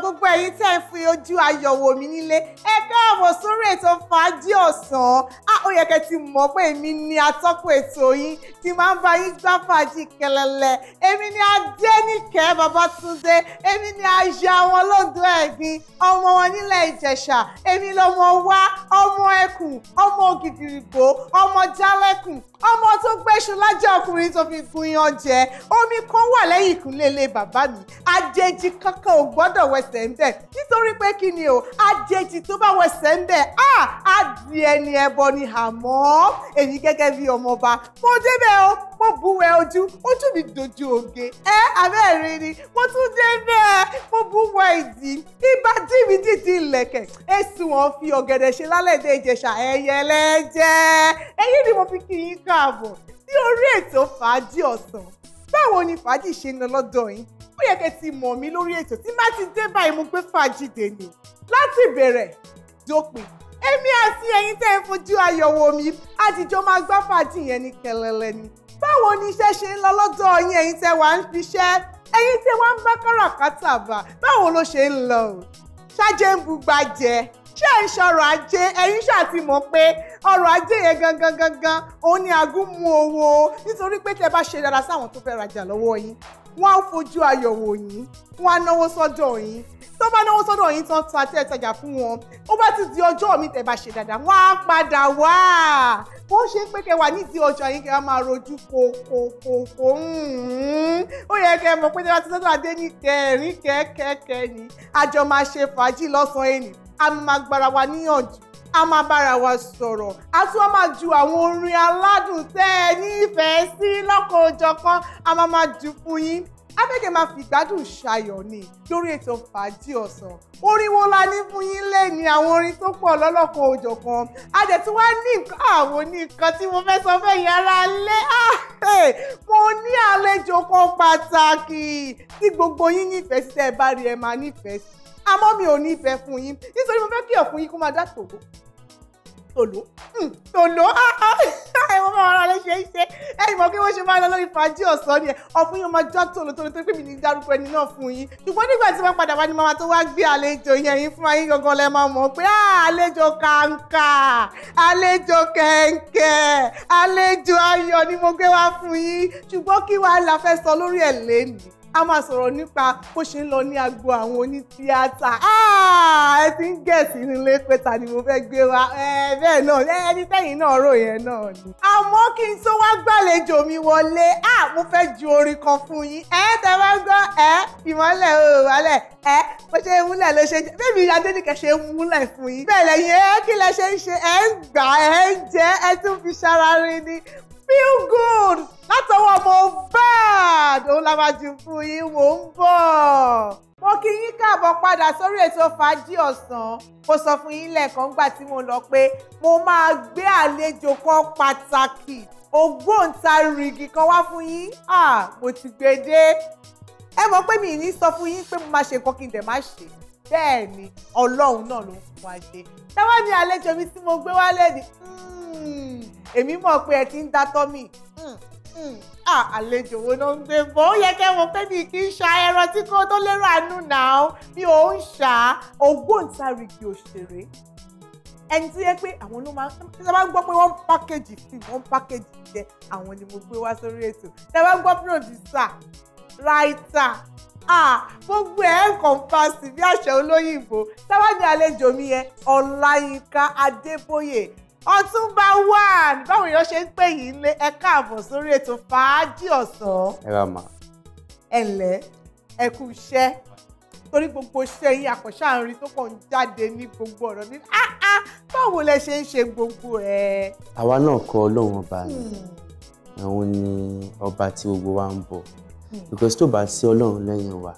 gbogbo ẹ̀yin tẹ́ ń fi ojú ayọ̀wò mi nílé ẹ káàbọ̀ sórí ètò fàájì ọ̀sán á ah, ó yẹ kẹ́ ti mọ̀ pé èmi ni atọ́kùn ètò yín tí máa ń bá yín gbá fàájì kẹlẹlẹ èmi ni Adéníkẹ́ Babátúndé èmi ni aya àwọn olóńdó ẹ̀gbin ọmọ wọn nílẹ̀ Ìjẹ̀ṣà èmi lọmọ wá ọmọ ẹkùn ọmọ ògìdìrìgbò ọmọ jálẹ̀kùn ọmọ tó gbẹ́ṣu lájà ọkùnrin tó fi gúnyán jẹ omi kan wà lẹ́yìn ìkúnlẹ̀ ilé bàbá mi àjèjì kankan ò gbọ́dọ̀ wẹsẹ̀ ń bẹ̀ nítorí pé kí ni o àjèjì tó bá wẹsẹ̀ ń bẹ̀ á adìẹ ni ẹbọ ni àmọ́ èyí gẹ́gẹ́ bí ọmọọba mo débẹ̀ o ó buwẹ ojú ojú mi dojú oge ẹ abẹ́rẹ́ ni mo tún dé bẹ́ẹ̀ mo buwẹ ìdí ibà dí mi dídí ìlẹ̀kẹ̀ èsùn wọn fi ọ̀gẹ̀dẹ̀ ṣe lálẹ́ dé ìjẹ̀ṣà ẹ̀yẹ lẹ́jẹ́ ẹ̀yìn ni mo fi kí yín káàbọ̀ sí orí ètò fàájì ọ̀sán báwo ni fàájì ṣe ń lọ lọ́dọ̀ yín ó yẹ kẹ́ ti mọ̀ mí lórí ètò tí má ti dé báyìí mo gbé fàájì dé ni láti bẹ̀rẹ̀ dópin èmi àti ẹ̀yin tẹ́ ẹ fojú ayọ̀ wò mí àtijọ́ máa gbá fàájì yẹn ní kẹlẹlẹ ni báwo ni iṣẹ́ ṣe ń lọ lọ́dọ̀ yín ẹ̀yin tẹ́ wàá ń ṣiṣẹ́ ẹ̀yin tẹ́ wàá ń bá káràkátà bà báwo ló ṣe ń lọ o ṣáájẹ́ ń bugba jẹ ṣé ẹ̀ ń ṣọ̀rọ̀ ajé ẹ̀yin ṣáà ti mọ̀ pé ọrọ̀ ajé yẹn gangan gangan òun ni àgúnmu owó nítorí pé tẹ́ bá ṣe dára sáwọn tó fẹ́ rajà lọ́wọ́ yín wọ́n á fojú ayọ̀ wò yín wọ́n á náwó sọ́dọ̀ yín tó bá náwó sọ́dọ̀ yín tán tún àti ẹ̀tajà fún wọn ó bá ti di ọjọ́ mi tẹ́ bá ṣe dáadáa wọ́n á padà wá ó ṣe pé kẹ wà nídìí ọjà yín kẹ wá máa rojú kòkòkòkò ó yẹ kẹ mọ̀ pé tí wọ́n ti sọ́dọ̀ adé ní kẹrin kẹ́kẹ́kẹ́ ni àjọ máa ṣe fàájì lọ́sàn-án ènì a máa gbára wa níyànjú a máa bára wa sọ̀rọ̀ a tún wá máa ju àwọn orin aládùn tẹ́ ẹ nífẹ̀ẹ́ sí lọ́kọ̀ọ́jọ̀kan a máa máa jù fún yín abẹ́kẹ̀ máa fi ìgbádùn ṣayọ̀ ni lórí ètò fàájì ọ̀sán orin wo la ní fún yín lé ní àwọn orin tó pọ̀ lọ́lọ́kọ̀ òjọ̀ kan a dẹ̀ tí wàá ní nǹkan àwọn ní nǹkan tí mo fẹ́ sọ fẹ́ yàrá lé mo ní àlejò kan pàtàkì tí gbogbo yín nífẹ̀ẹ́ sí tẹ́ ẹ bá rí ẹ máa nífẹ̀ẹ́ sí àmọ́ mi ò ní ìfẹ́ fún yín nítorí mo fẹ́ kí ọ̀fun yín kó máa dá tògbó tòló tòló ẹ̀wọ̀n máa ra rẹ̀ ṣe é ṣe ẹ̀yìn mọ̀ pé wọ́n ṣe máa lọ lórí fàájì ọ̀sán ni ọ̀fun yóò máa já tòló tòló tó pé mi ní dárúkọ ẹni náà fún yín ṣùgbọ́n nígbà tí wọ́n padà wá ní màmá tó wá gbé àlejò yẹn yín fún ayé gangan lẹ́ máa mọ̀ pé àlejò kàǹkà àlejò kẹ̀ǹkẹ̀ àlejò ayọ̀ ni mo gbé wá fún yín ṣùgbọ́n kí wàá la fẹ́ sọ lórí ẹ̀ lẹ́nu a máa sọ̀rọ̀ nípa bó ṣe ń lọ ní agbo àwọn onítíátà ah, ẹ ti ń gẹ̀ẹ́sì nílé pé ta ni mo fẹ́ gbé wa bẹ́ẹ̀ náà ẹni tẹ́yìn náà rò yẹn náà ni. àmọ́ kí n tó wá gbàlejò mi wọlé ah, mo fẹ́ ju orin kan fún yín ẹ tẹ bá ń gbọ́ ẹ ìmọ̀lẹ̀ òwúrọ̀lẹ̀ ẹ bó ṣe múlẹ̀ ló ṣe jẹ́ bébí adédìkẹ́ ṣe múlẹ̀ fún yín bẹ́ẹ̀ lẹ́yìn ẹ kí lẹ ṣe ń ṣe ẹ ń gbà ẹ ń jẹ ẹ tún fi ṣara ni feel good látọwọ́ Mohbad òun la máa jù fún yín mò ń bọ̀. mo kí yín káàbọ̀ padà sórí ètò fàájì ọ̀sán mo sọ fún yín lẹ́ẹ̀kan gbà tí mo lọ pé mo máa gbé àlejò kan pàtàkì ògbóǹtarìgì kan wá fún yín mo ti gbé dé ẹ mọ̀ pé mi ì ní sọ fún yín pé mo máa ṣe nǹkan kí n dẹ̀ má ṣe bẹ́ẹ̀ ni ọlọ́run náà ló ń fún wa ṣe. táwa ni àlejò mi tí mo gbé wálé ni. Mm. Hmm. èmi mọ̀ pé ẹ ti ń dátọ́ mi hmm. hmm. àlejò wo ló ń gbé bọ́ ó yẹ kẹ́ wọ pé mi kì í ṣa ẹran tí kò tó lérò àánú náà mi ò ń ṣa ògbóǹtarìgì òṣèré ẹni tí yẹ pé àwọn ló máa ń sábà ń gbọ́ pé wọ́n ń pákéjì fíìmù wọ́n ń pákéjì jẹ àwọn ni mo gbé wá sórí ètò sábà ń gbọ́ píròdùsà ráìtà gbogbo ẹ̀ ń kọ̀ǹpasì bí àṣẹ olóyìnbó sábà ní àlejò mi yẹn Ọláyínká Adébóyè ọ̀túnba one báwo èèyàn ṣe ń pè yín lé ẹ káàbọ̀ sórí ètò fàájì ọ̀sán. ẹ rà mà. ẹ lẹ ẹ kú iṣẹ́ torí gbogbo iṣẹ́ yín àkọsáàrin tó kàn ń jáde ní gbogbo ọ̀rọ̀ ní áá ah, ah, báwo lẹ ṣe ń ṣe gbogbo ẹ. àwa náà kọ ọlọ́run ọba ni hmm. òun ni ọba tí gbogbo wa ń bọ̀ hmm. because tó bá sí ọlọ́run lẹ́yìn wa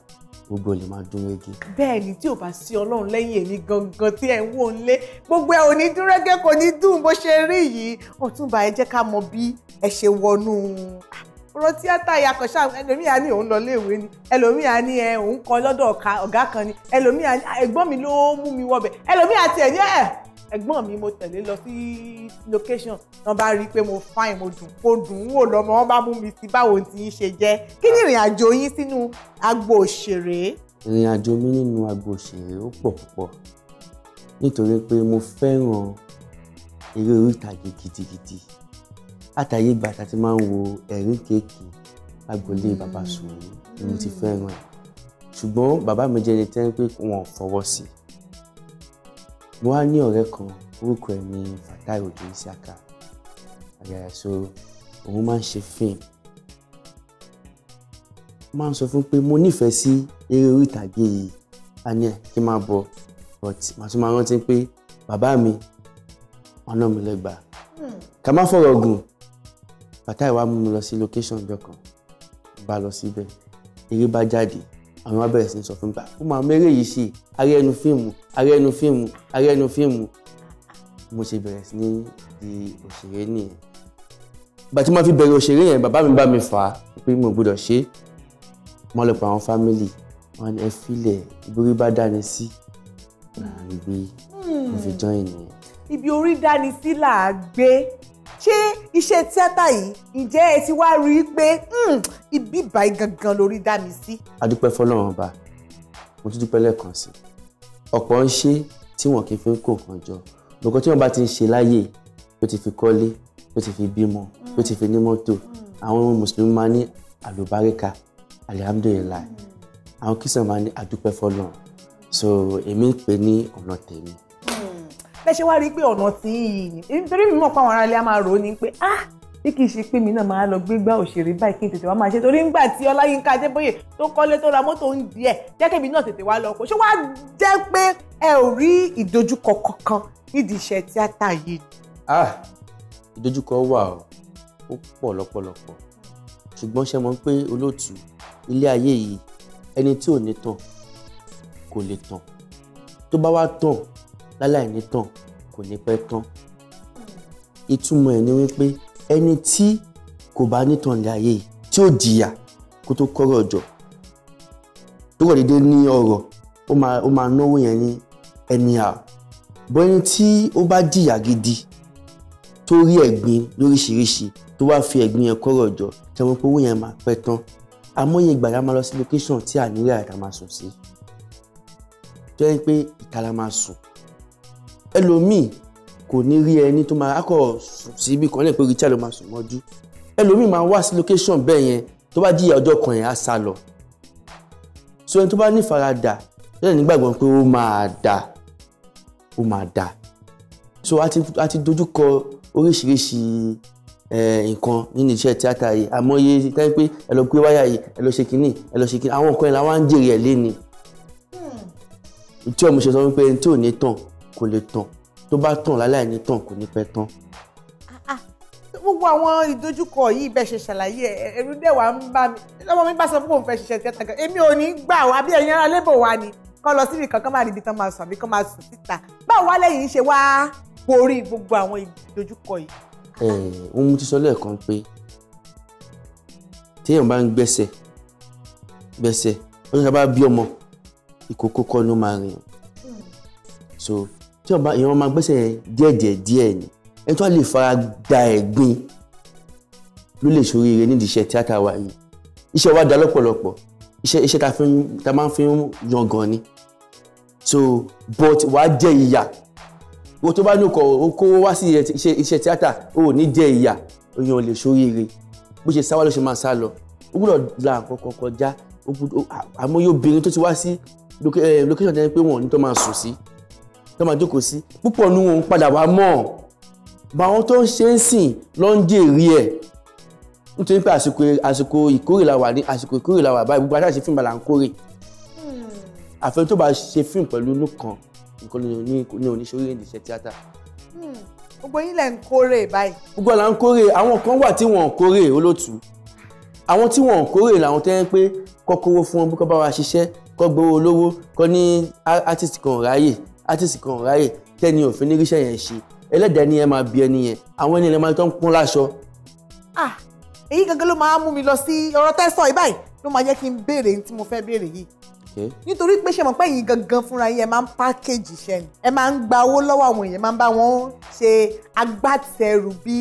gbogbo lè máa dún régé. bẹ́ẹ̀ tí ò bá sí ọlọ́run lẹ́yìn èmi gangan tí ẹ̀ ń wò ń lé gbogbo ẹ̀ ò ní dún rẹ́gẹ́ kò ní dùn bó ṣe rí yìí ọ̀túnba ẹ jẹ́ ká mọ bí ẹ ṣe wọnú ọ̀rọ̀ tíátà ìyàkọ̀ṣà ẹlòmíà ní òun lọ léèwé ni ẹlòmíà ní ẹ òun kọ lọ́dọ̀ ọ̀gá kan ni ẹlòmíà ah, ẹ̀gbọ́n mi ló mú mi wọbẹ̀ ẹlòmíà tiẹ̀ ní ẹ̀ eh, ẹ̀gbọ́n mi mo tẹ̀lé lọ sí location wọn bá rí i pé mo fine mo dùn mo dùn ún wò lọ́mọ wọn bá mú mi sí báwo tí ń ṣe jẹ́ kí ni ìrìn àjò yín sínú agbo òṣèré. ìrìn àjò mi nínú agbo òṣèré ó pọ̀ púpọ̀ nítorí pé mo fẹ́ràn eré orí gidigidi látàyè ìgbà tá a ti máa ń wo ẹ̀rín kéèkì agboolé mm. bàbá sùúrù ni mo ti fẹ́ràn ẹ̀ ṣùgbọ́n bàbá mi jẹ́ ẹni tẹ́ pé wọn fọwọ́ sí i mo wá ní ọ̀rẹ́ kan orúkọ ẹ̀ ní Fatai Ojo Isiaka àyàyà so òun máa ń ṣe fíìmù máa ń sọ fún pé mo nífẹ̀ẹ́ sí eré orí yìí a ní ẹ̀ kí n máa bọ̀ but màá tún máa rántí pé bàbá mi ọ̀nà mi lẹ́gbà hmm. ká má fọ̀rọ̀ gùn bàtà ìwà mú mi lọ sí location ọjọ́ kan bá lọ síbẹ̀ eré bá jáde àwọn wá bẹ̀rẹ̀ sí sọ fún mi pé ah, ó máa mẹ́rẹ̀ yìí sí ará ẹnu fíìmù ará ẹnu fíìmù ará ẹnu fíìmù mo ṣe bẹ̀rẹ̀ sí ní di òṣèré nìyẹn ìgbà tí mo fi bẹ̀rẹ̀ òṣèré yẹn bàbá mi bá mi fà á pé mo gbọ́dọ̀ ṣe é mo lọ pa àwọn fámìlì wọn ẹ filẹ̀ borí bá dání sí. Hmm. ibi mo fi hmm. join nìyẹn. ibi orí dání sí là á gbé ṣé iṣẹ́ tíátà yìí ǹjẹ́ ẹ ti wá rí i pé hmm, ibi ìbàyí gangan lórí dá mi sí. adúpẹ́ fọlọ́run ọba mo tún dúpẹ́ lẹ́ẹ̀kan sí ọ̀pọ̀ ń ṣe tí wọn kì í fi ń kó nǹkan jọ nǹkan tí wọn bá ti ń ṣe láyè tó ti fi kọ́lé tó ti fi bímọ tó ti fi ní mọ́tò àwọn mùsùlùmí máa ní àlùbáríkà alihamudulilayi àwọn kìsàn máa ní adúpẹ́ fọlọ́run so èmi ń pè ní ọ̀nà tèmi. Hmm. bẹ́ẹ̀ ṣe wá rí i pé ọ̀nà tí yìí ni nítorí mi mọ̀ pé àwọn aráalé á máa rò ó ni pé ah bí kì í ṣe pé mi náà máa lọ gbégbá òṣèré báyìí kí n tètè wá máa ṣe torí ńgbà tí ọláyínká adébóyè tó kọ́lé tó ra mọ́tò ń di ẹ̀ jẹ́kẹ̀mí náà tètè wá lọ kó ṣé wàá jẹ́ pé ẹ ò rí ìdojúkọ kankan nídìí iṣẹ́ tíátà yìí. ah ìdojúkọ wà ó ó pọ̀ lọ́pọ̀lọpọ̀ ṣùgbọ́n ṣe mọ̀ pé olóòtú ilé ayé yìí ẹni tí ò ní tàn kó lè tàn tó bá wá tàn láláì ní tàn kò ní pẹ́ tán ìtumọ̀ ẹ̀ ni wípé ẹni tí kò bá nítàn lé ayé tí ó jìyà kó tó kọ́rọ̀ jọ tó kọ̀ déédéé ní ọ̀rọ̀ ó máa náwó yẹn ní anyhow bọ́ ẹni tí ó bá jìyà gidi tó rí ẹ̀gbin lóríṣiríṣi tó wá fi ẹ̀gbin yẹn kọ́rọ̀ jọ tẹ̀wọ́n pé owó yẹn máa pẹ́ tán àmọ́ yẹn gbàdá máa lọ sí location tí àníyàn àdá máa sùn sí tó yẹ pé ìkàlà máa sùn ẹlòmíì kò ní rí ẹni tó máa akọ sùn síbi kan lẹ́yìn pé Richard máa sùn mọ́jú ẹlòmíì máa wá sí location bẹ́ẹ̀ yẹn tó bá jìyà ọjọ́ kan yẹn á sá lọ so ẹni tó bá ní ìfaradà lẹ́yìn nígbàgbọ́ pé ó máa dà ó máa dà so a ti dojú kọ oríṣiríṣi nǹkan nínú iṣẹ́ tíátà yìí àmọ́ iye tí wọ́n pé ẹ lọ gbé wáyà yìí ẹ lọ ṣe kínní ẹ lọ ṣe kínní àwọn nǹkan yẹn làwọn á ń jèrè ẹ̀ léni tí ọmọ ṣe sọ wípé ẹni tí ò ní tàn kò lè tàn tó bá tàn láláì ní tàn kò ní pẹ́ tán. Ah, ah. gbogbo àwọn ìdojúkọ yìí bẹ́ẹ̀ ṣe ṣàlàyé ẹ̀rú dẹ̀wà ń bá mi lọ́mọ mi bá sọ pé òun fẹ́ ṣiṣẹ́ tíátà kan èmi ò ní gbà wá bí ẹ̀yin ará lébò wa ni kọ́ lọ síbi kan kán máa níbi tán máa sùn àbí kán máa sùn síta báwo wá lẹ́yìn ṣe wá borí gbogbo àwọn ìdojúkọ yìí. ẹ ẹ mo ti sọ lẹ́ẹ̀kan pé téèyàn bá ń gbẹ́sẹ̀ gbẹ́sẹ̀ ó ní ká bá bí ọmọ ìkókó kọ́ ló máa rìn hmm. so tí ọba èèyàn máa gbẹ́sẹ̀ díẹ̀díẹ̀ díẹ̀ ni ẹni tó lè fara gba ẹ̀gbin ló lè ṣoríire nídìí iṣẹ́ tíátà wa yìí iṣẹ́ wa dá lọ́pọ̀lọpọ̀ iṣẹ́ iṣẹ́ ta, fin, máa ń fi yangàn ni so but wàá jẹ ìyà wo tó bá ní ọkọ̀ okòwò wá sí iṣẹ́ tíátà o ò ní jẹ ìyà èèyàn ò lè ṣoríire bó ṣe sáwá ló ṣe máa sá lọ ó gbúdọ̀ la àkọ́kọ́ kọjá àmọ́ yóò bìnrin tó ti wá sí Eh, location tẹ́ pé wọ́n ní tó máa sùn sí tó máa jókòó sí púpọ̀ nu òun padà wá mọ̀ báwọn tó ń ṣe ń sìn ló ń jèrè ẹ̀ nítorí pé àsìkò àsìkò ìkórè la wà ní àsìkò ìkórè la wà báyìí gbogbo adáṣe fíìmù là ń kórè hmm. àfẹn tó bá ṣe fíìmù pẹ̀lú inú kan nǹkan ní oníṣòwò ìdíṣẹ́ tíátà hmm. gbogbo yín lẹ ń kórè báyìí. gbogbo la ń kórè àwọn kan wà tí wọn ò kórè olótù àwọn tí wọn ò kórè làwọn tẹ́ ń pé kọ́kọ́wó fún wọn bí kọ́ bá wa ṣiṣẹ́ kọ́ gbowó lówó kọ́ ní artist kan ráyè artist kan ráyè tẹ́ni òfin níríṣẹ́ yẹn ṣe ẹlẹ́dàá ni ẹ máa bí ẹni yẹn àwọn ènìyàn máa tó ń kún láṣọ. ah èyí gangan ló máa ń mú mi lọ sí ọ̀rọ̀ tẹ́sán ìbáyìí ló máa jẹ́ kí n béèrè tí mo fẹ́ béèrè yìí nítorí pé ṣe mọ̀ pé ẹ̀yin gangan fúnra yín ẹ máa ń pákéjì iṣẹ́ ni ẹ máa ń gba owó lọ́wọ́ àwọn èèyàn máa ń bá wọn ṣe agbátẹrù bí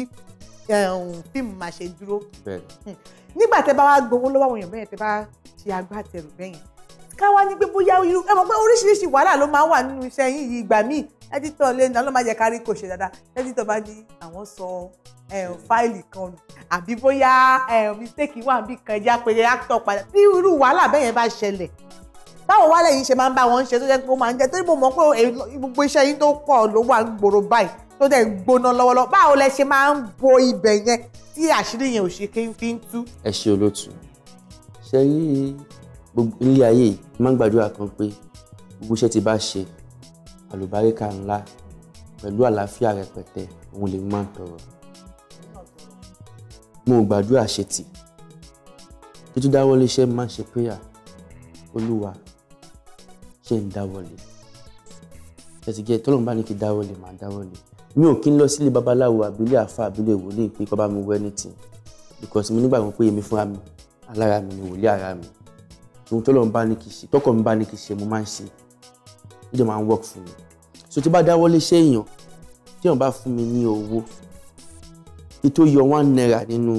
fíìmù máa ṣe dúró hmm. nígbà tẹ bá wá gbowó lọ́wọ́ àwọn èèyàn bẹ́ẹ̀ tẹ bá ṣe agbátẹrù bẹ́yẹn káwá ní pé bóyá irú ẹ mọ̀ pé oríṣiríṣi wàhálà ló máa wà nínú iṣẹ́ yín yìí ìgbà míì ẹ́dítọ̀ lé ní ọlọ́mọ àjẹkárí kò ṣe dáadáa ẹ́dítọ̀ bá ní àwọn sọ fáìlì kan nù àbí bóyá mistake wà bí kan já pé actor padà tí irú wàhálà bẹ́ẹ̀ yẹn bá ṣẹlẹ̀ báwo wálẹ̀ yìí ṣe máa ń bá wọn ṣe tó jẹ́ pé ó máa ń jẹ́ torí mo mọ̀ pé gbogbo iṣẹ́ yín tó pọ̀ ló wà ń gbòòrò báyìí tó dẹ̀ gbóná lọ́wọ́lọ́wọ́ báwo lẹ ṣe máa ń bo ibẹ̀ yẹn tí àṣírí yẹn ò ṣe kí n fi ń tú. ẹ ṣe olóòtú ṣe gbogbo ilé ayé máa ń gbàdúrà kan pé gbogbo iṣẹ́ tí bá ṣe àlùbáríkà ńlá pẹ̀lú àlàáfíà rẹpẹtẹ òun lè máa ń tọrọ. mo gbàdúrà ṣe tì kí tó dáwọ́lé iṣẹ́ máa ń ṣe prayer olúwa ṣe ń dáwọ́lé tẹ̀sígẹ́ tọ́lọ́mùbá ní kí dáwọ́lé máa dáwọ́lé mi ò kí ń lọ sílé babaláwo àbílẹ̀ àfa àbílẹ̀ wòlíì pé bá mi wẹ́ ní tì because mo nígbàgbọ́ pé èmi fúnra mi alára mi ni wòlíì ara mi ohun tó lọ́n bá ní kì í ṣe tọkọ mi bá ní kì ṣe mo máa ń ṣe ó jẹ́ máa ń work fún mi so tí bá dáwọ́ lé iṣẹ́ èèyàn tí èèyàn bá fún mi ní owó kí tó yọ one naira nínú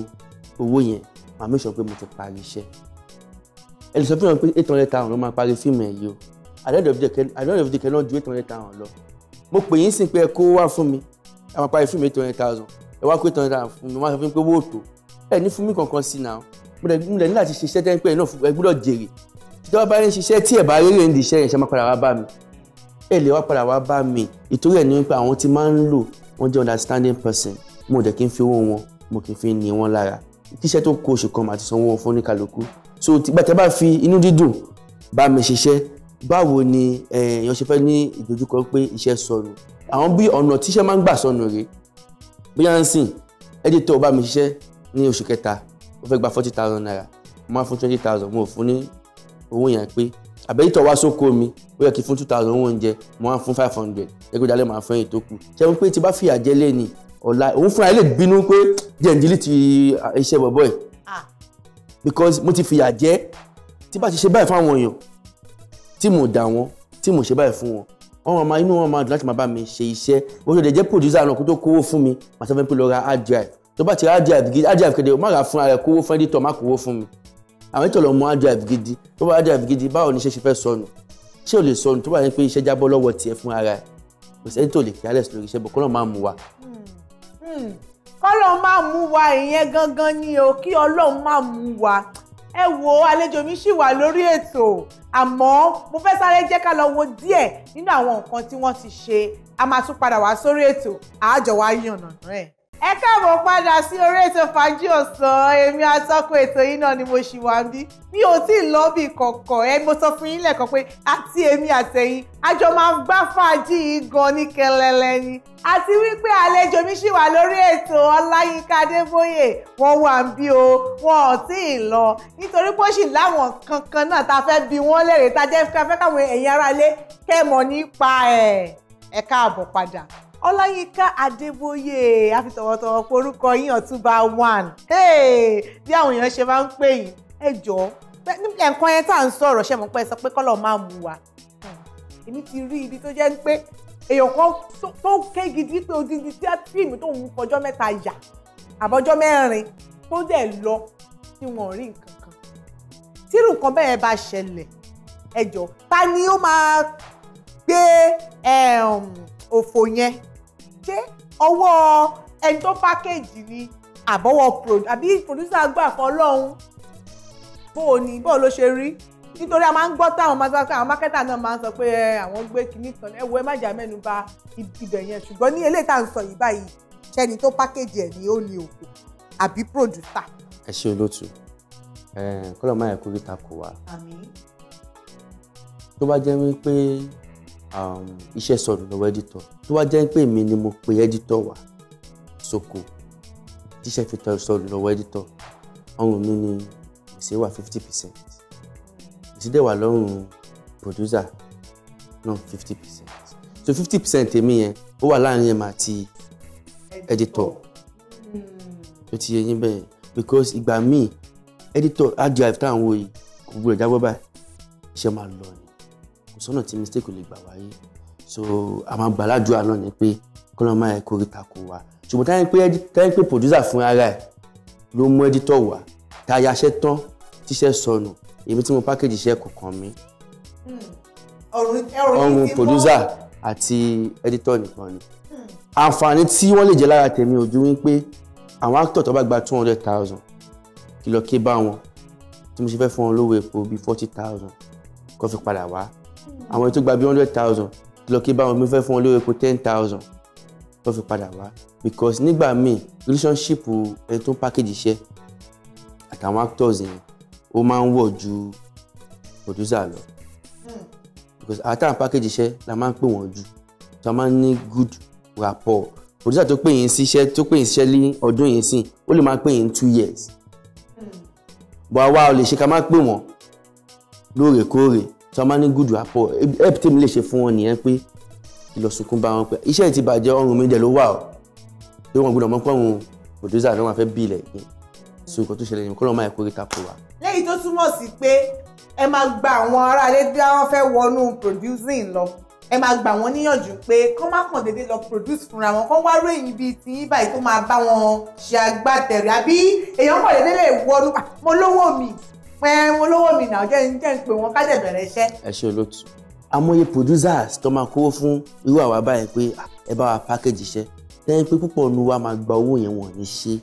owó yẹn màá mẹ́sàn pé mo ti parí iṣẹ́ ẹ lè sọ fún yàn pé eight hundred thousand ló máa parí fíìmù ẹ̀ yìí o àdéhùn ìdíje kẹ́ náà ju eight hundred thousand lọ mo pè yín sìn pé ẹ kó wá fún mi ẹ máa parí fíìmù eight hundred thousand ẹ wá kó eight hundred thousand fún mi mo máa sọ fún yín pé owó òtò ẹ ní fún mi kankan sí náà mo dẹ̀ mo dẹ̀ ní láti ṣiṣẹ́ tẹ́ ń pẹ́ náà ẹ gbọ́dọ̀ jèrè ìjọba bá ní ṣiṣẹ́ tí ẹ̀ bá rere ń di iṣẹ́ yẹn ṣe máa padà wá bá mi ẹ̀ lè wá padà wá bá mi ìtorí ẹ̀ ní wípé àwọn tí máa ń lò wọ́n jẹ́ understanding person mo dẹ̀ kí n fi owó wọn mo kì í fi ní wọn lára kíṣẹ́ tó kó oṣù kan màá ti sanwó wọn fún ní kálukú so tìgbà tẹ́ bá fi inú dídùn bá mi ṣiṣẹ́ báwo ni èèyàn ṣe fẹ́ ní ìdojúkọ pé iṣẹ́ sọnù àwọn bí ọ̀nà tíṣẹ́ máa ń gbà sọnù rèé bóyá ń sìn ẹ́dítọ̀ bá mi ṣiṣẹ́ ní oṣù kẹta mo fẹ́ gba forty thousand naira mo máa fún twenty thousand mo ò fún ní owó yẹn pé àbẹ̀yìntàn wá sóko mi ó yẹ kí fún two thousand owó oúnjẹ mo máa fún five hundred ẹgbẹ́ ìdálẹ́ máa fún èyí tó kù ṣé mo pé tí bá fìyà jẹ lé ni ọ̀la òun fúnra lè bínú pé jẹ̀ǹdílì ti iṣẹ́ bọ̀bọ̀ ẹ̀ because mo ti fìyà jẹ tí bá ti ṣe báyìí fáwọn èèyàn tí mo dà wọ́n tí mo ṣe báyìí fún wọn wọn máa inú wọn máa dùn láti máa bá mi ṣe iṣẹ́ bó ṣe lè jẹ́ producer náà kó tó kówó fún mi màá sọ fẹ́ pé lọ ra hard drive tó bá ti adrive gidi adrive kéde o má ra fún ara kówó fún editor má kówó fún mi àwọn editor lọ mú adrive tó bá adrive gidi báwo ni iṣẹ́ ṣe fẹ́ sọnù ṣé o lè sọnù tó bá yẹ pé iṣẹ́ jábọ́ lọ́wọ́ tiẹ̀ fún ara ẹ̀ kò sí editor lè kí alex lórí iṣẹ́ bọ̀ kọ́lọ́ máa mú wa. Hmm, hmm. kọ́lọ́ máa mú wa ìyẹn gangan ni o kí ọlọ́run máa mú wa ẹ wo àlejò mi ṣì wà lórí ètò àmọ́ mo fẹ́ sáré jẹ́ ká lọ wo díẹ̀ nínú àwọn nǹkan tí wọ́n ti ṣe a máa tún padà wá sórí ètò àájọ wa yànnàná ẹ̀ ẹ káàbọ̀ padà sí orí ètò fàájì ọ̀sán èmi atọ́kọ ètò yìí náà ni mo ṣì wà bí mi ò tí ì lọ́bì kọ̀ọ̀kan ẹ mo sọ fún yín lẹ́ẹ̀kan pé àti èmi àtẹ̀yìn àjọ máa ń gbá fàájì yìí gan ní kẹlẹlẹ ni àti wípé àlejò mi ṣì wà lórí ètò ọláyínká adébóyè wọn wà ń bí o wọn ò tí ì lọ nítorí bó ṣì láwọn kankan náà tá a fẹ́ bi wọ́n lérè tá a jẹ́ fẹ́ káwọn ẹ̀yin aráalé kẹ́ mọ̀ nípa ẹ̀ ẹ káàbọ̀ padà ọláyínká adébóyè àfitọ̀wọ̀tọ̀wọ̀ porúkọ yín ọ̀túnba one bí àwọn èèyàn ṣe máa ń pè yín ẹ jọ nǹkan yẹn tá à ń sọ̀rọ̀ ṣe mọ̀ pé sọ pé kọ́lọ̀ máa mú wa èmi ti rí ibi tó jẹ́ pé èèyàn kan tó ké gidi pé odidi tí a fíìmù tó ń kọjọ́ mẹ́ta yà àbọ̀jọ́ mẹ́rin tó dẹ̀ lọ tí wọ́n rí nǹkan kan tírù nǹkan bẹ́ẹ̀ bá ṣẹlẹ̀ ẹ jọ ta ni ó máa gbé òfò yẹn ṣé ọwọ́ ẹni tó pákéjì ni àbọ̀wọ̀ àbí producer gbà fọ́ lọ́hún bó o ní bó o ló ṣe rí nítorí a máa ń gbọ́ táwọn àwọn mákẹ́tà náà máa ń sọ pé àwọn gbé kinní kan ẹ wo ẹ má jà mẹ́nu bà ibẹ̀ yẹn ṣùgbọ́n ní eléyìí tá à ń sọ yìí báyìí ṣẹ́ni tó pákéjì ẹ̀ ni ó ní òkú àbí pòdùsà. ẹ ṣe olóòtú kọ́lọ̀ máa yẹ kó rí takò wá. àmín. tó bá jẹ́ wípé Um, iṣẹ́ sọnù lọ́wọ́ editor tó wá jẹ́ pé mi ni mo pe editor wá sóko tíṣẹ́ fi sọnù lọ́wọ́ editor ọrùn mi ni gbèsè wà fifty percent gbèsè dẹ̀ wà lọ́rùn producer náà fifty percent so fifty percent èmi yẹn ó wà láàrin ẹ̀ma àti editor tó hmm. ti yẹ yín bẹ́ẹ̀ because ìgbà míì editor á drive táwọn wò yìí kò gbọdọ̀ jábọ́ báyìí iṣẹ́ máa lọ ni kò sọ́nà tí mistake lè gbà wáyé so àwọn àgbàládùúrà náà ni pé kọ́lọ́n máa kó rí tako wa ṣùgbọ́n táyà pé táyà pé producer fún ara ẹ̀ ló mú editor wá táyà aṣẹ́ tán tíṣẹ́ sọnù èmi tí mo package iṣẹ́ kọ̀ọ̀kan mi ọrùn producer àti editor nìkan ni hmm. àǹfààní tí wọ́n lè jẹ́ lára tèmi ojú wípé àwọn actor tó bá gba two hundred thousand kìlọ̀ ké bá wọn tí mo ṣe fẹ́ fún wọn lówó epo bíi forty thousand kó fi padà wá àwọn tó gba bí hundred thousand lọ kí báwọn mi fẹ́ fún wọn lórí epo ten thousand lọ́ fi padà wá because nígbà míì relationship ẹni tó ń package iṣẹ́ àtàwọn actors yẹn ó máa ń wọ̀ ju producer lọ because àtàwọn package iṣẹ́ la máa ń pè wọ́n jù tó a máa ń ní good rapport producer tó pè yín síṣẹ́ tó pè yín síṣẹ́ ní ọdún yìí sìn ó lè máa pè yín two years bọ̀ àwa ò lè ṣe ká má pè wọ́n lóòrèkóòrè tí wọ́n bá ní good rapport help tèmi lè ṣe fún wọn nìyẹn pé ìlọ sunkún bá wọn pé iṣẹ́ ti bàjẹ́ ọrùn mi dẹ̀ ló wà ọ́ pé wọ́n gbọ́dọ̀ mọ́ pé òun producer náà fẹ́ bí ilẹ̀ yìí so nǹkan tó ṣẹlẹ̀ ní kọ́lọ́ máa kórè tako wa. lẹ́yìn tó túmọ̀ sí pé ẹ máa gba àwọn aráalé bí wọ́n fẹ́ wọnú producing lọ ẹ máa gbà wọ́n níyànjú pé kọ́ má kàn déédéé lọ produce fúnra wọn kọ́ wá ròyìn bíi ti yín báyìí tó máa bá wọn ṣe agbátẹrù àbí èèyàn kàn déédéé lè wọnú ah, mo lówó mi pẹ́ẹ́n olówó mi náà jẹ́ jẹ́ ń pè wọ́n ká dẹ̀ bẹ̀rẹ̀ iṣẹ́. ẹ ṣe olóòtú amóye producers tó máa kówó fún irú àwa báyìí pé ẹ bá wa package iṣẹ́ lẹ́yìn pé púpọ̀ nu wa máa gba owó yẹn wọ̀n ní ṣe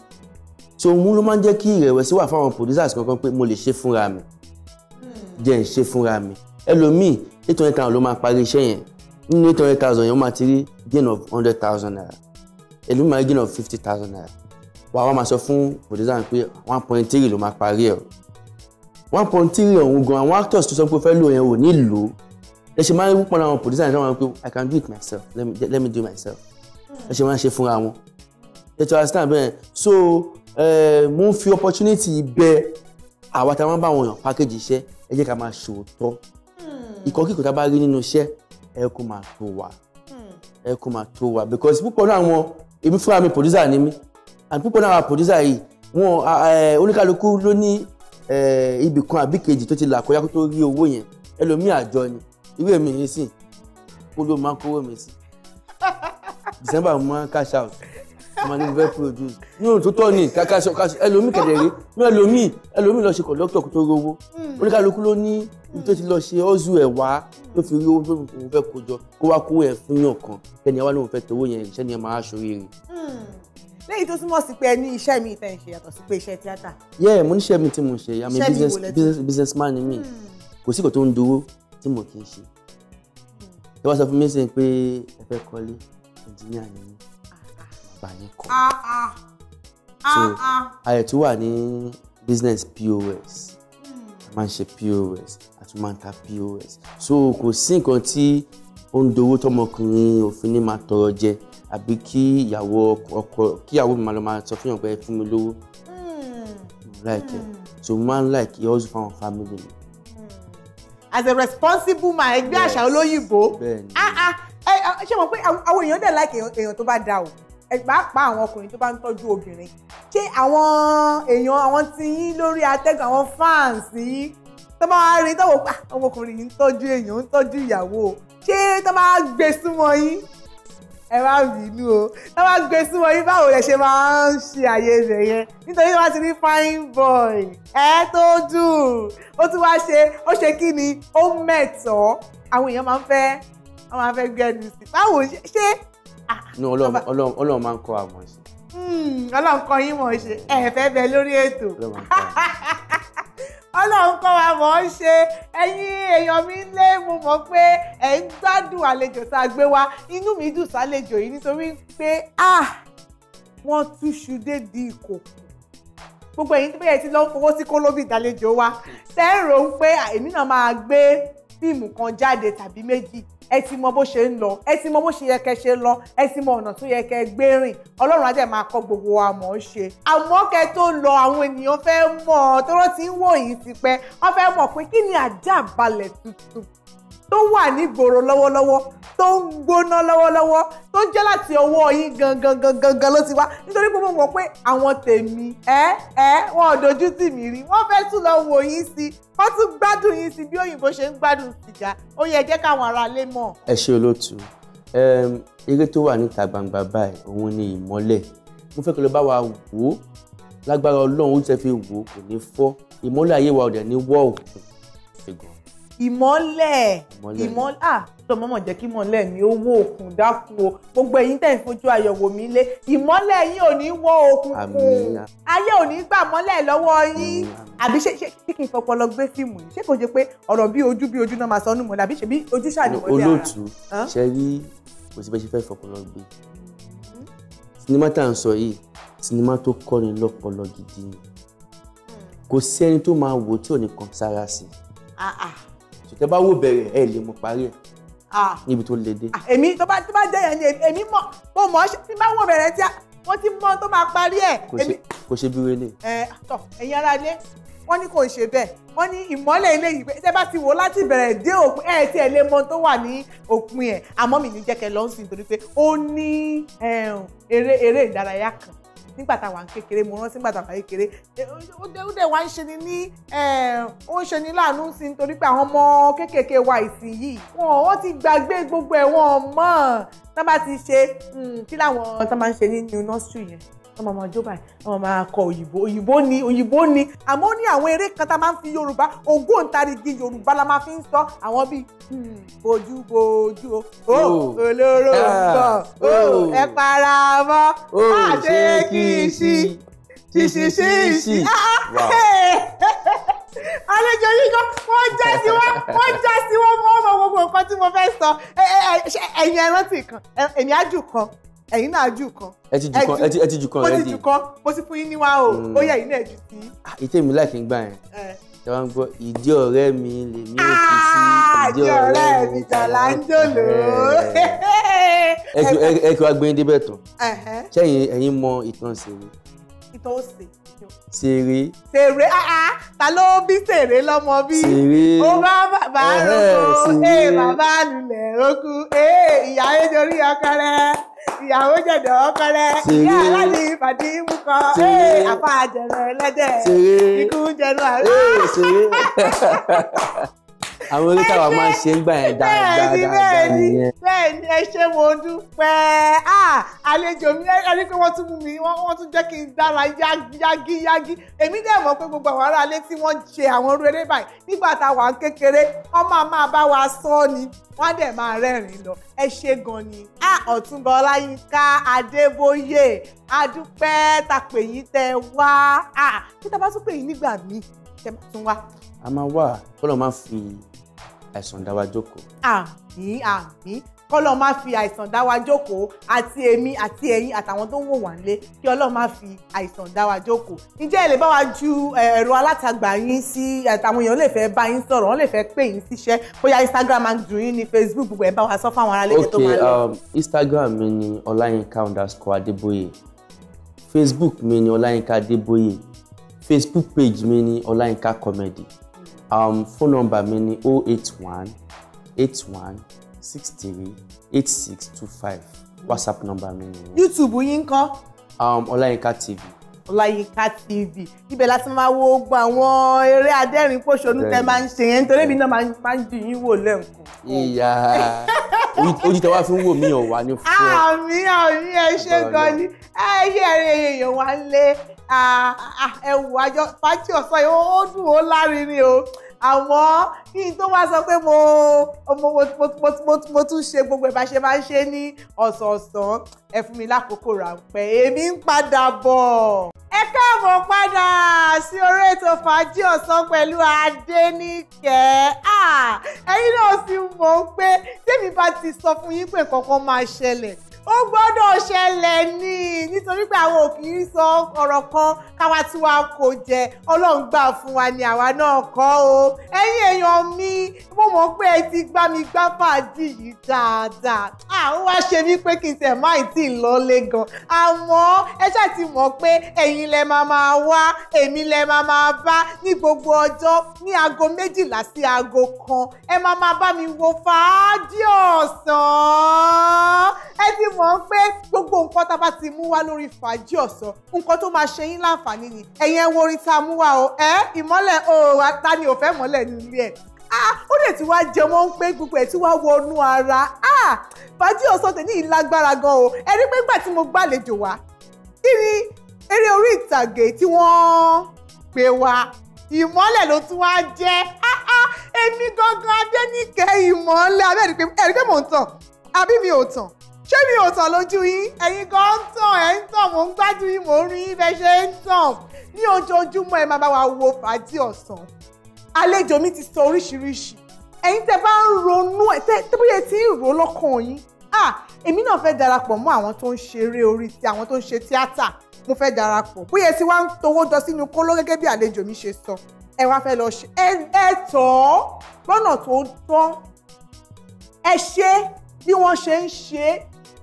so mú ló máa ń jẹ́ kí ìrẹ̀wẹ̀sì wà fáwọn producers kankan pé mo lè ṣe fúnra mi hmm. jẹ́ ń ṣe fúnra mi ẹlòmíì eight hundred thousand ló máa parí iṣẹ́ yẹn nínú eight hundred thousand yẹn ó máa ti rí gain of hundred thousand naira ẹlòmíì máa rí gain of fifty thousand naira wàá wá máa sọ fún producer pé one point three ló máa parí ẹ̀ o one point three ọ̀hún gan àwọn actors tó sọ pé fẹ́ lò yẹn ò ní lò ó ẹ ṣe máa ń pọ́n àwọn producer náà wọn pé i can do it myself let me, let me do it myself hmm. ẹ ṣe máa ń ṣe fúnra wọn ẹ ti understand bẹ́ẹ̀ so mo ń fi opportunity bẹ àwa tá a bá àwọn èèyàn package iṣẹ́ ẹ jẹ́ ká máa ṣòótọ́ hmm. ìkọ́kíkò tá a bá rí nínú iṣẹ́ ẹ kó máa tó wà hmm. ẹ kó máa tó wà because púpọ̀ náà wọn èmi fúnra mi producer ni mí and púpọ̀ náà wà producer yìí wọn oníkálukú ló ní ibì kan àbí kejì tó ti là kọjá kó tó rí owó yẹn ẹlòmíì àjọ ni irú èmi yìí sì kó ló máa ń kówó mi sí December mo máa ń cash out mo ní fẹ́ produce ní òun tó tọ́ ni cash out ẹlòmíì kẹ̀dẹ̀ rí ní ẹlòmíì ẹlòmíì lọ ṣe kọ̀dọ́tọ̀ kó tó rówó hmm. oníkàlùkù ló ní ibi tó ti lọ ṣe ọ́zù ẹ̀ wá tó fi rí owó tó fi fẹ́ kó jọ kó wá kó ẹ̀ fún yàn kan kẹ́ni ẹ̀ wá lóun fẹ́ tówó yẹn iṣẹ́ ni ẹ̀ máa ṣoríire. Hmm lẹ́yìn tó túmọ̀ sí pé ẹ ní iṣẹ́ mi tẹ̀ ń ṣe yàtọ̀ sí pé iṣẹ́ tíátà. yẹ mo ní iṣẹ́ mi tí mo ṣe àmì business man ni mi hmm. kò sí kò tó ń dowó tí mo kì í ṣe hmm. ẹ wá sọ fún mi sẹ́yìn pé ẹ fẹ́ kọ́lé ẹ̀ńjìníà ni mi bàbá kọ́ ah, ah. so ayé ah, tó wà ní business POS hmm. a máa ń ṣe POS a tún máa ń ta POS so kò sí nǹkan tí ó ń dowó tọmọkùnrin òfin ní máa tọrọ jẹ àbí kí ìyàwó ọkọ kí ìyàwó mi máa lọ máa sọ fún yàn pé fún mi lówó hmm. láìkẹ hmm. so mo máa ń láìkẹ yẹ ọsùn fáwọn family mi. Hmm. as a responsible man ẹgbẹ́ àṣà olóyìnbó ah, ah. ṣé mo pé àwọn èèyàn dẹ̀ láìkẹ èèyàn tó bá da o pàápàá àwọn ọkùnrin tó bá ń tọ́jú obìnrin ṣé àwọn èèyàn àwọn tí yín lórí atẹ́gùn àwọn fans yín tó máa rí tọ́wọ́ pa ah, ọmọkùnrin yìí ń tọ́jú èèyàn ń tọ́jú ìyàwó ṣé tó máa gbé súnmọ́ yín ẹ má bínú o ẹ má gbé súnmọ́ yín báwo lẹ ṣe máa ń ṣe àyè ibẹ̀ yẹn nítorí wọ́n ti rí fine boy ẹ tó dùn ó tún wá ṣe ó ṣe kí ni ó mẹ̀tọ́ àwọn èèyàn máa ń fẹ́ wọ́n máa fẹ́ gbẹ́nu sí báwo ṣe. Ah, ní ọlọ́run máa ń kọ́ àwọn ìṣe. Hmm, ọlọ́run kọ́ yín mọ̀ ṣe ẹ fẹ́ bẹ lórí ètò. ọlọ́run kọ́ wa mọ̀ ọ́ ṣe ẹ̀yin èèyàn mi lé mo mọ̀ pé ẹ̀ ń gbádùn àlejò tá a gbé wá inú mi dùn sálejò yìí nítorí pé ah wọ́n túṣu dé di ìkòkò gbogbo èyí bẹ́ẹ̀ ti lọ ń fowó sí kólóbì ìdálejò wa tẹ́ ń rò ó pé èmi náà máa gbé fíìmù kan jáde tàbí méjì ẹ ti mọ bó ṣe ń lọ ẹ ti mọ bó ṣe yẹ kẹ́ ṣe lọ ẹ ti mọ ọ̀nà tó yẹ kẹ́ gbé rìn ọlọ́run á dẹ̀ máa kọ́ gbogbo wa mọ̀ ọ́ ṣe. àmọ́ kẹ́ tó lọ àwọn ènìyàn fẹ́ mọ̀ ọ́ tó rántí ń wò yìí ti pẹ́ wọ́n fẹ́ mọ̀ pé kí ni àjàbalẹ̀ tuntun tó wà nígboro lọ́wọ́lọ́wọ́ tó ń gbóná lọ́wọ́lọ́wọ́ tó jẹ́ láti ọwọ́ yín gangan gangan gan ló ti wá nítorí pé mo mọ̀ pé àwọn tèmi ẹ ẹ wọn ò dojú tì mí rí wọ́n fẹ́ tún lọ wò yín sí wọ́n tún gbádùn yín sí bí òyìnbó ṣe ń gbádùn sìgá ó yẹ jẹ́ káwọn aráalé mọ̀. ẹ ṣe olóòtú eré tó wà níta gbangba báyìí òun ni ìmọ́lẹ̀ mo fẹ́ kí ló bá wa wò ó lágbára ọlọ́run ó ti fi wò ó kò ní fọ́ ìmọ́lẹ̀ ìmọ́lẹ̀ ìmọ́lẹ̀ ah tọmọmọ jẹ́ kí mọ́lẹ̀ mi ó wó òkun dákun o gbogbo ẹ̀yin tẹ̀ ń fojú àyẹ̀wò mi lé ìmọ́lẹ̀ yín ò ní wó òkun kùn ayé ò ní gbà mọ́lẹ̀ lọ́wọ́ yín àbí ṣé ṣé kí n fọpọlọ gbé fíìmù yìí ṣé kò jẹ́ pé ọ̀rọ̀ bí ojú bí ojú náà máa sọ ọ́ nù àbí ṣe bí ojú ṣàdì olóòtú ṣe rí hmm? hmm. kò sí ẹni tó máa wò tí ò ní kàn sára sí i ah, ah tẹ bá wò bẹ̀rẹ̀ ẹ lè mọ parí ẹ níbi tó le dé. èmi tó bá tó bá jẹ yẹn ni èmi mọ mo mọ ṣe tí bá wò bẹ̀rẹ̀ tí mo ti mọ tó máa parí ẹ. kò ṣe bí wele. ẹ tọ ẹ̀yin ara lé wọ́n ní kò ṣe bẹ́ẹ̀ wọ́n ní ìmọ́lẹ̀ eléyìí pé tẹ́ bá ti wò láti bẹ̀rẹ̀ dé òpin ẹ̀ tí ẹ lè mọ tó wà ní òpin ẹ̀ àmọ́ mi ní jẹ́kẹ̀ lọ́sìn torí pé ó ní eré eré ìdárayá kan nígbà tá a wà ń kékeré mo rántí nígbà tá a wà kékeré ó dẹ̀ wá ń ṣe ni ní eh, ó ń ṣe ni láàánú sí nítorí pé àwọn ọmọ kéékèèké wa ìsìn yìí wọn ò ti gbàgbé gbogbo ẹ̀ wọn tá bá ti ṣe hmm, kí làwọn tá máa ń ṣe nínú nọ́ọ̀sì yẹn wọ́n máa máa jó báyìí wọ́n máa máa kọ òyìnbó òyìnbó ni òyìnbó ni àmọ́ ó ní àwọn eré kan tá a máa ń fi yorùbá ògbóǹtarìgì yorùbá la máa fi ń sọ àwọn bíi hmm, bojú bojú o olóró nǹkan ah, o ẹ para mọ́ má ṣe kí n ṣí ṣíṣí ṣíṣí ah, àlejò yìí gan wọ́n já sí wọ́n wọ́n já sí wọ́n mọ́ gbogbo nǹkan tí mo fẹ́ sọ ẹ̀yìn ẹ̀rántí kan ẹ̀mí ájù kan ẹ̀yin náà jù kan. ẹ ti jù kan ẹ ti jù kan rẹ di. mo ti jù kan mo ti fún yín ní wá o hmm. ó yẹ ẹ̀yin náà jù sí. Ah, ìtẹ́ mi láì kí n gbà yẹn ṣe wá ń gbọ́ ìdí ọ̀rẹ́ mi lèmi ò fi sí ah, ìdí ọ̀rẹ́ mi jàlá ń jòló. ẹ kí wá gbé yín débẹ̀ tán ṣẹ́yìn ẹ̀yin mọ ìtàn ṣeré. ìtàn ó ṣe. ṣeré. ṣeré ah, ta ló bí ṣeré lọ́mọ bí. ṣeré ó bá bàbá roko ee bàbá lulẹ̀ roku ee ìyá ejò orí ọkọ rẹ ìyàwó jẹ̀dọ̀ ọkọlẹ̀ ìyá aláàbí ìpàdé ìmúkọ àfa àjẹrẹ ẹlẹ́dẹ̀ ikú jẹnu àárẹ̀. àwọn eré táwa máa ń ṣe ń gbà yẹn dáadáa dáadáa nìyẹn. bẹ́ẹ̀ ni ẹ ṣe mo dúpẹ́ àlejò mi ẹni pé wọ́n tún mú mi wọ́n tún jẹ́ kí n dára yági yági èmi dẹ̀ mọ̀ pé gbogbo àwọn aráalé tí wọ́n ṣe àwọn orú eré báyìí nígbà táwa kékeré wọ́n máa máa bá wa sọ ọ́ ni wọ́n á dẹ̀ máa rẹ́rìn-ín lọ ẹ ṣe gan ni. a Ọ̀túnba Ọláyínká Adébóyè adúpẹ́ tàpé yín tẹ wá a kí tá a bá tún pè yín nígbà míì tẹ bá tún wá. a máa wà kọ́lọ́ máa fi àìsàn dáwà jókòó. àmì àmì kọ́lọ́ má fi àìsàn dáwà jókòó àti èmi àti ẹ̀yin àtàwọn tó ń wò wá nílé kí ọlọ́ má fi àìsàn dáwà jókòó. ǹjẹ́ ẹ lè bá wa ju ẹ̀rọ alátagbà yín sí àtàwọn èèyàn lè fẹ́ bá yín sọ̀rọ̀ wọ́n lè fẹ́ pè yín síṣẹ́ bóyá Instagram àdùn yín ní Facebook gbogbo ẹ̀ bá wa sọ fáwọn aráalé tó máa lọ. ok um, Instagram mi ni ọláyínká underscore adébóyè Facebook mi ni ọláyínká adébóyè Facebook page mi ni ọláyínká comedy um, phone number mi ni oh eight one eight one six three eight six two five whatsapp number mi nìyẹn. youtube yín kọ́. um, ọláyínká tv. ọláyínká tv ibẹ̀ láti máa wo gbogbo àwọn eré adẹ́rìn pòṣónú tẹ máa ń ṣe yẹn nítorí mi náà máa ń dì yín wò lẹ́ǹkan. ìyá ojú tẹ wá fi ń wò mí ọ̀wá ní fún ọ. àmì àmì ẹ ṣe gan ni ẹ ṣe ẹrẹ èèyàn wá lé ẹ wò àjọ pàtí ọ̀sán yìí ó dùn ó lárinrin o àmọ́ kí n tó wá sọ pé mo mo tún ṣe gbogbo ẹ̀ bá ṣe máa ń ṣe ní ọ̀sọ̀ọ̀sán ẹ fún mi lákòókò ráńpẹ́ èmi ń padà bọ̀. ẹ káàbọ̀ padà sí orí ètò fàájì ọ̀sán pẹ̀lú Adéníkẹ́ ẹ̀yin náà sì mọ̀ pé tèmi bá ti sọ fún yín pé nǹkan máa ṣẹlẹ̀ ó gbọ́dọ̀ ṣẹlẹ̀ ni nítorí pé àwọn òkì í sọ ọ̀rọ̀ kan káwa tí wàá kò jẹ ọlọ́run gbà fún wa ni àwa náà kọ́ o ẹ̀yin èèyàn mi mo mọ̀ pé ẹ ti gbá mi gbá fàájì yìí dáadáa àwọn wá ṣe mí pé kí n tẹ̀ máì tí ì lọ́lé gan àmọ́ ẹ ṣáà ti mọ̀ pé ẹ̀yin lẹ máa máa wá èmi lẹ máa máa bá ní gbogbo ọjọ́ ní aago méjìlá sí aago kan ẹ máa máa bá mi wo fàájì ọ̀sán ẹ ti mọ̀ pé gbogbo nǹkan tá a bá ti mú wá lórí fàájì ọ̀sán nǹkan tó máa ṣe yín láǹfààní ni ẹ̀yin ẹ̀ wo orin tá a mú wá o ẹ̀ ìmọ́lẹ̀ o ta ni ò fẹ́ mọ́lẹ̀ nílé ẹ̀ ó lè ti wá jẹ mọ́ ń pé gbogbo ẹ̀ tí wá wọnú ara fàájì ọ̀sán tẹ̀ ní ìlágbára gan o ẹ rí pé gbà tí mo gbàlejò wá kí ni eré orí ìtàgé tí wọ́n pè wá ìmọ́lẹ̀ ló tún wá jẹ́ èmi gangan adẹ́nìkẹ́ ìmọ́lẹ̀ abẹ́rẹ́ pé mò ń tàn àbí mi ò tàn ṣé mi ò tàn lójú yín ẹ̀yin gan ń tàn ẹ̀ ń tàn mò ń gbádùn yín mò ń rí yín ṣe ń tàn ní ojoojúmọ́ ẹ máa bá wa wo fàájì ọ̀sán àlejò mi ti sọ oríṣiríṣi ẹ̀yin tẹ́ bá ń ronú ẹ̀ tẹ́ bóyá ti ń rò lọ́kàn yín ah èmi náà fẹ́ darapọ̀ mọ́ àwọn tó ń ṣeré orí ti àwọn tó ń ṣe tíátà mo fẹ́ darapọ̀ bóyá ti wá ń towó jọ sínú kóló gẹ́gẹ́ bí àlejò mi ṣe sọ ẹ wá fẹ́ lọ ṣe ẹ tọ́ lọ́nà tó tọ́ ẹ ṣe bí wọ́n ṣe ń ṣe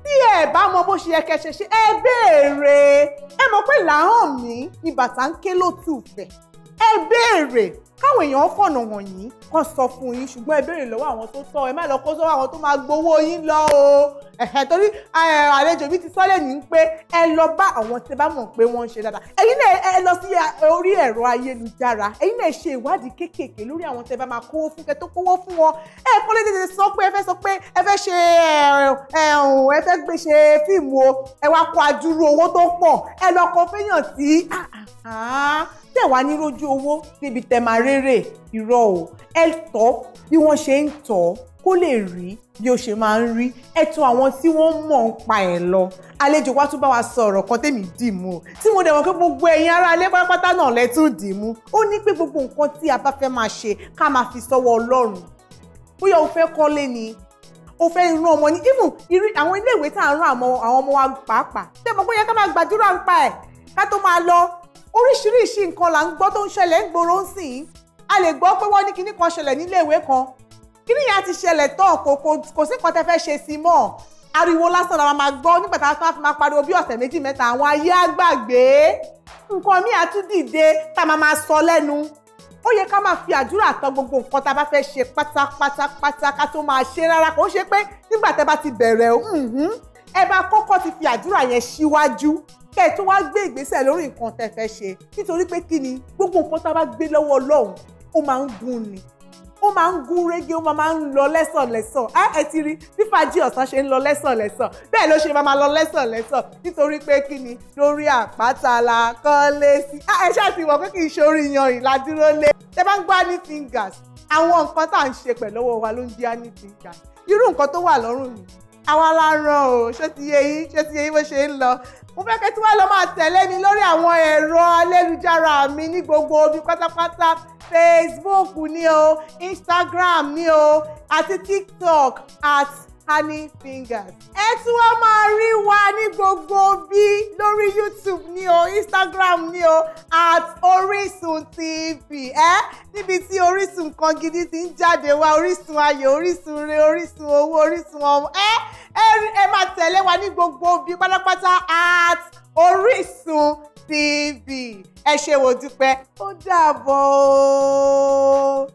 tí ẹ bá mọ bó ṣe yẹ kẹ́ ṣe ṣe ẹ béèrè ẹ mọ̀ pé làáhàn mi ni bàtà ń ké lótùfẹ́ ẹ béèrè káwọn èèyàn fọ̀nà wọ̀nyí kàn sọ fún yín ṣùgbọ́n ẹ béèrè lọ́wọ́ àwọn tó tọ́ ẹ má lọ kó sọ́wọ́ àwọn tó máa gbowó yín lọ o ẹ̀hẹ̀ torí àlejò mi ti sọ́lẹ̀ ní pé ẹ lọ bá àwọn tẹ́ bá mọ̀ pé wọ́n ń ṣe dáadáa ẹ̀yin náà ẹ lọ sí orí ẹ̀rọ ayélujára ẹ̀yin náà ṣe ìwádìí kéékèèké lórí àwọn tẹ́ bá máa kówó fún kẹ́ tó kówó fún wọn ẹ kọ́ lé tètè sọ pé ẹ fẹ́ sọ pé ẹ fẹ́ ṣe ẹ̀hún ẹ fẹ́ gbé ṣe fíìmù o ẹ wá kó adúrú owó tó pọ̀ ẹ lọ kọ fẹ́yàn tí ah, ah, ah tẹ̀ wá ní rójú owó níbi tẹ̀ máa rérè irọ́ o ẹ tọ́ bí wọ́n ṣe ń tọ́ kó lè rí bí ó ṣe máa ń rí ẹ tọ̀ àwọn tí wọ́n mọ̀ ń pa ẹ̀ lọ àlejò wa tún bá wa sọ ọ̀rọ̀ kan tèmi dì o tí mo dẹ̀ wọ́n pé gbogbo ẹ̀yin ará alẹ́ pátápátá náà lẹ́tún dì mú ó ní pé gbogbo nǹkan tí a bá fẹ́ máa ṣe ká máa fi sọ́wọ́ Ọlọ́run bóyá o fẹ́ kọ́lé ni o fẹ́ ran ọmọ ní even àwọn iléèwé tá à ń ran àwọn ọmọ wa pàápàá tẹ́ mọ̀ bóyá ká máa gbàdúrà ń pa ẹ̀ ká tó máa lọ oríṣiríṣi nǹkan là ń gbọ́ tó ń ṣẹlẹ̀ ń gbòòrò ń sìn yín a lè gbọ́ pé wọ́n ní kinní kan ṣẹlẹ̀ nílé ìwé kan kinní yẹn ti ṣẹlẹ̀ tán kò kò sí nǹkan tẹ́ fẹ́ ṣe sí mọ́ ariwo lásán la máa gbọ́ nígbà tá a fi máa pariwo bí ọ̀sẹ̀ méjì mẹ́ta àwọn ayé àgbàgbé nǹkan míì á dìde tá a máa sọ lẹ́nu ó yẹ ká máa fi àdúrà tán gbogbo nǹkan tá a bá fẹ́ ṣe pátápátápátá ká tó máa ṣe rárá kò ń ṣe pé nígbà tẹ́ bá ti bẹ̀rẹ̀ ẹ bá kọ́kọ́ ti fi àdúrà yẹn síwájú kẹ́ ẹ̀ tó wá gbé ìgbésẹ̀ lórí nǹkan tẹ́ fẹ́ ṣe nítorí pé kí ni gbogbo nǹkan tá a bá gbé lọ́wọ́ Ọlọ́run ó máa ń gún ni ó máa ń gún régé ó máa ń lọ lẹ́sọ̀lẹ́sọ̀ á ẹ ti rí bí fàájì ọ̀sán ṣe ń lọ lẹ́sọ̀lẹ́sọ̀ bẹ́ẹ̀ ló ṣe máa lọ lẹ́sọ̀lẹ́sọ̀ nítorí pé kí ni lórí àpáta la kọ́lé sí á ẹ ṣáà ti wọ̀ pé kì í ṣe orí yan ìlà dúró lé tẹ bá ń gbá ní fingers àwọn nǹkan tá à ń ṣe pẹ̀lú ọwọ́ wa ló ń jẹ́ ní fingers irú nǹkan tó wà lọ́rùn mi àwa la ràn ó ṣé ti yé yín ṣé ti yé yín bó ṣe ń lọ mo fẹ́ kẹ́ tí wàá lọ máa tẹ̀lé mi lórí àwọn ẹ̀rọ alẹ́lújára mi ní gbogbo ojú pátápátá Facebook ni o Instagram ni o àti TikTok at honey fingers. ẹ tún wá máa rí wa ní gbogbo bí lórí youtube ní o instagram ní o at Orisun tv ẹ níbi tí orísun kan gidi ti ń jáde wá orísun ayọ̀ orísun re orísun owó orísun ọmọ ẹ ẹ máa tẹ̀lé wa ní gbogbo bí pátápátá at Orisun tv ẹ ṣe wò dúpẹ́ ó dàbọ̀ o.